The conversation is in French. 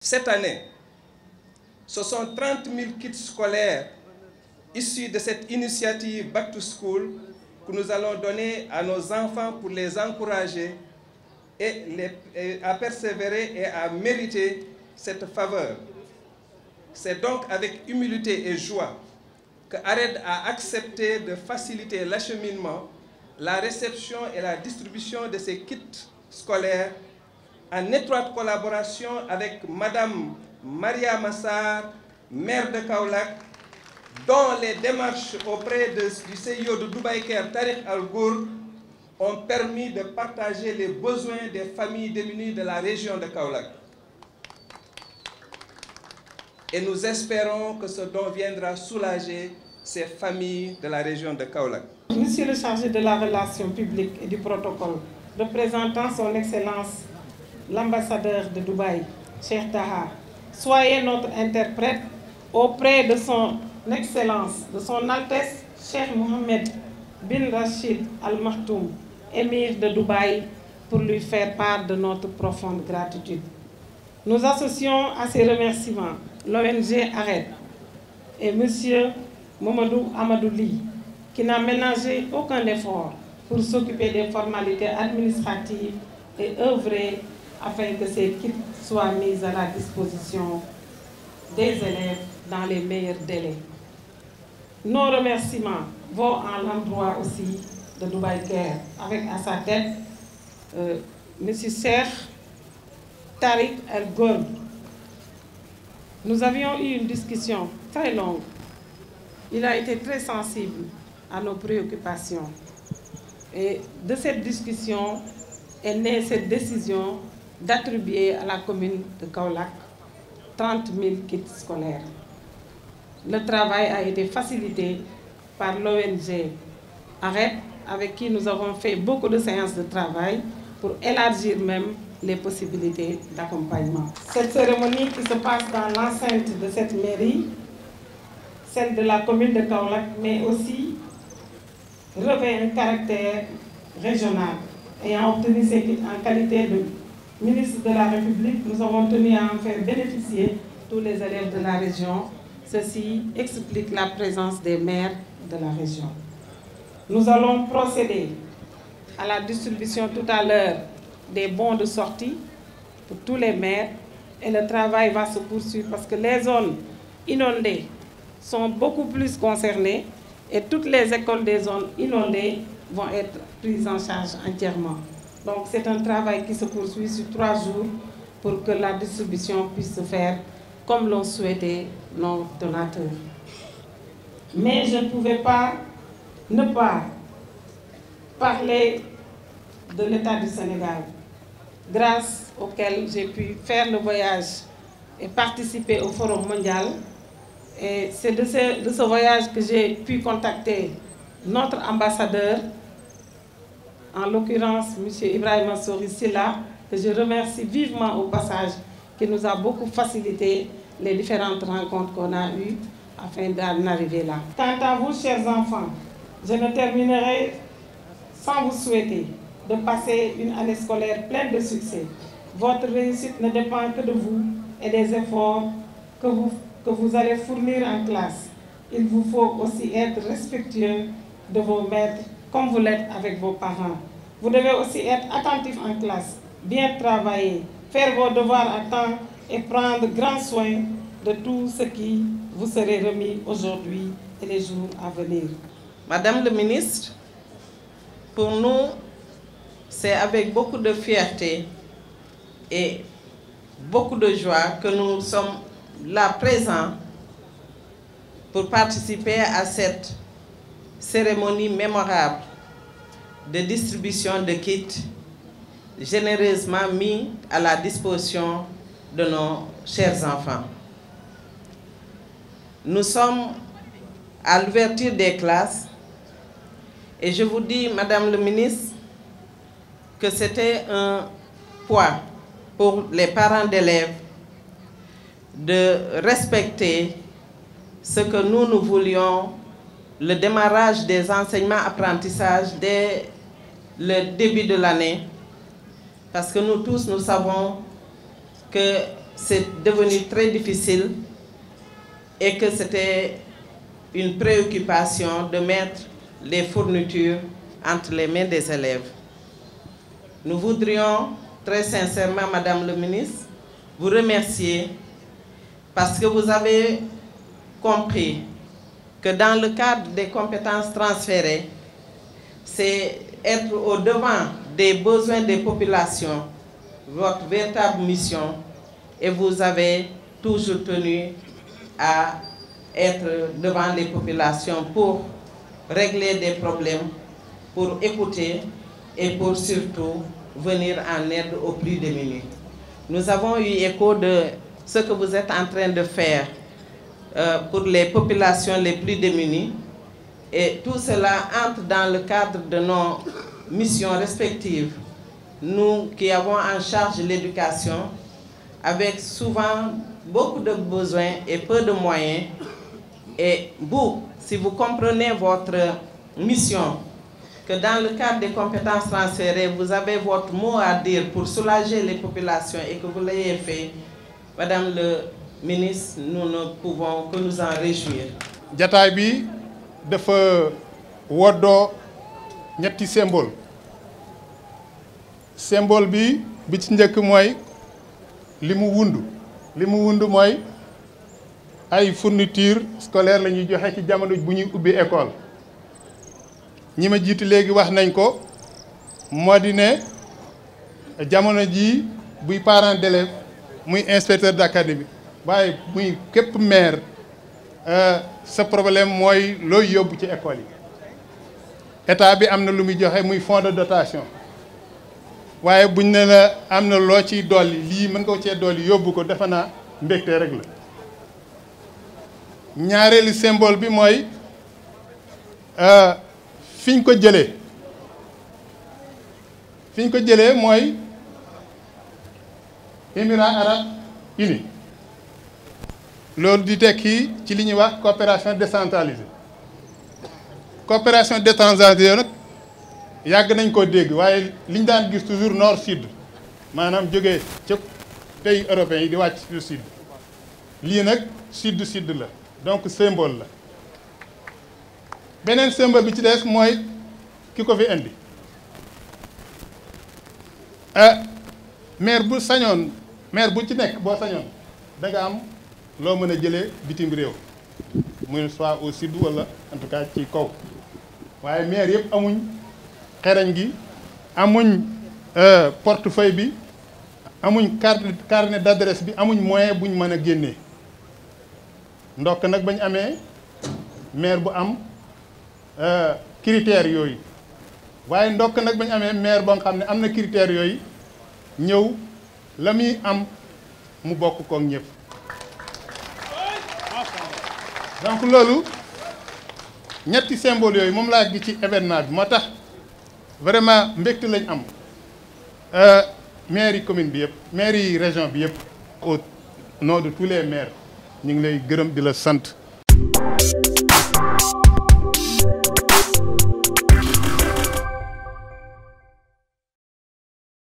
Cette année, ce sont 30 000 kits scolaires issus de cette initiative Back to School que nous allons donner à nos enfants pour les encourager à persévérer et à mériter cette faveur. C'est donc avec humilité et joie que ARED a accepté de faciliter l'acheminement, la réception et la distribution de ses kits scolaires en étroite collaboration avec Madame Maria Massar, maire de Kaolak dont les démarches auprès du CIO e de Dubaï Tariq Al Gour ont permis de partager les besoins des familles démunies de la région de Kaolak et nous espérons que ce don viendra soulager ces familles de la région de Kaolak. Monsieur le chargé de la relation publique et du protocole, représentant son Excellence l'ambassadeur de Dubaï, Cheikh Taha, soyez notre interprète auprès de son Excellence, de son Altesse Cher Mohamed bin Rashid Al Maktoum, émir de Dubaï, pour lui faire part de notre profonde gratitude. Nous associons à ces remerciements l'ONG Arrête et M. Mamadou Amadouli, qui n'a ménagé aucun effort pour s'occuper des formalités administratives et œuvrer afin que ces kits soient mis à la disposition des élèves dans les meilleurs délais. Nos remerciements vont à l'endroit aussi de Dubaï avec à sa tête euh, M. Serre, Tariq Ergon. Nous avions eu une discussion très longue. Il a été très sensible à nos préoccupations. Et de cette discussion est née cette décision d'attribuer à la commune de Kaolac 30 000 kits scolaires. Le travail a été facilité par l'ONG AREP, avec qui nous avons fait beaucoup de séances de travail pour élargir même les possibilités d'accompagnement. Cette cérémonie qui se passe dans l'enceinte de cette mairie, celle de la commune de Kaolac, mais aussi revêt un caractère régional. Ayant obtenu en qualité de ministre de la République, nous avons tenu à en faire bénéficier tous les élèves de la région. Ceci explique la présence des maires de la région. Nous allons procéder à la distribution tout à l'heure des bons de sortie pour tous les maires et le travail va se poursuivre parce que les zones inondées sont beaucoup plus concernées et toutes les écoles des zones inondées vont être prises en charge entièrement. Donc c'est un travail qui se poursuit sur trois jours pour que la distribution puisse se faire comme l'ont souhaité nos donateurs. Mais je ne pouvais pas ne pas parler de l'État du Sénégal, grâce auquel j'ai pu faire le voyage et participer au Forum mondial. Et c'est de ce, ce voyage que j'ai pu contacter notre ambassadeur, en l'occurrence M. Ibrahim Massouris Silla, que je remercie vivement au passage, qui nous a beaucoup facilité les différentes rencontres qu'on a eues afin d'en arriver là. Quant à vous, chers enfants, je ne terminerai sans vous souhaiter de passer une année scolaire pleine de succès. Votre réussite ne dépend que de vous et des efforts que vous, que vous allez fournir en classe. Il vous faut aussi être respectueux de vos maîtres comme vous l'êtes avec vos parents. Vous devez aussi être attentif en classe, bien travailler, faire vos devoirs à temps et prendre grand soin de tout ce qui vous sera remis aujourd'hui et les jours à venir. Madame le ministre, pour nous, c'est avec beaucoup de fierté et beaucoup de joie que nous sommes là présents pour participer à cette cérémonie mémorable de distribution de kits généreusement mis à la disposition de nos chers enfants. Nous sommes à l'ouverture des classes et je vous dis, Madame le ministre, que c'était un poids pour les parents d'élèves de respecter ce que nous, nous voulions, le démarrage des enseignements-apprentissages dès le début de l'année, parce que nous tous, nous savons que c'est devenu très difficile et que c'était une préoccupation de mettre les fournitures entre les mains des élèves. Nous voudrions très sincèrement, Madame le ministre, vous remercier parce que vous avez compris que dans le cadre des compétences transférées, c'est être au devant des besoins des populations, votre véritable mission, et vous avez toujours tenu à être devant les populations pour régler des problèmes, pour écouter, et pour surtout venir en aide aux plus démunis. Nous avons eu écho de ce que vous êtes en train de faire euh, pour les populations les plus démunies et tout cela entre dans le cadre de nos missions respectives. Nous qui avons en charge l'éducation, avec souvent beaucoup de besoins et peu de moyens, et vous, si vous comprenez votre mission que dans le cadre des compétences transférées, vous avez votre mot à dire pour soulager les populations et que vous l'ayez fait, Madame le ministre, nous ne pouvons que nous en réjouir. jataay bi dafa woddoo ñetti symbole symbole bi bi ci njëkk mooy moy, mu fourniture scolaire la ñuy ci bu ñuy école ñi ma jiitu léegi wax nañ ko moo di ne jamono jii buy parent d'élève muy inspecteur d'académie waaye muy képp maire euh, sa problème mooy looy yóbbu ci école yi état bi am na lu muy joxe muy fonds de dotation waaye buñ ne la am na loo ciy dolli lii mën nga ko cee dolli yóbbu ko defe naa mbégte rek ñaareelu symbole bi mooy euh, fiñ ko jëlee fiñ ko jëlee mooy Émirats arabes unis loolu di tekki ci li wax coopération décentralisée coopération décentralisée nag yàgg nañ ko dégg waaye liñ toujours nord sud maanaam pays européen di sud sud sud la donc symbole beneen symbole bi ci des mooy ki ko fi indi euh, maire bu sañoon maire bu ci nekk boo sañoon da am loo mën a jëlee bitim réew muy soit aussi sud wala en tout cas ci kaw waaye maire yëpp amuñ xereñ gi amuñ euh, portefeuille bi amuñ carte carnet d'adresse bi amuñ moyen buñ mën a génnee ndokk nag bañ amee maire bu am Euh, critères yooyu waaye ndokk nag bañ amee maire ba xam ne am na critères yooyu ñëw la muy am mu bokk koog ñëpp donc loolu ñetti symbole yooyu moom laa gis ci événement bi moo tax vraiment mbekk lañ am euh, mairie commune bi yëpp mairie région bi yëpp au nom de tous les maires ñu ngi lay gërëm di la sant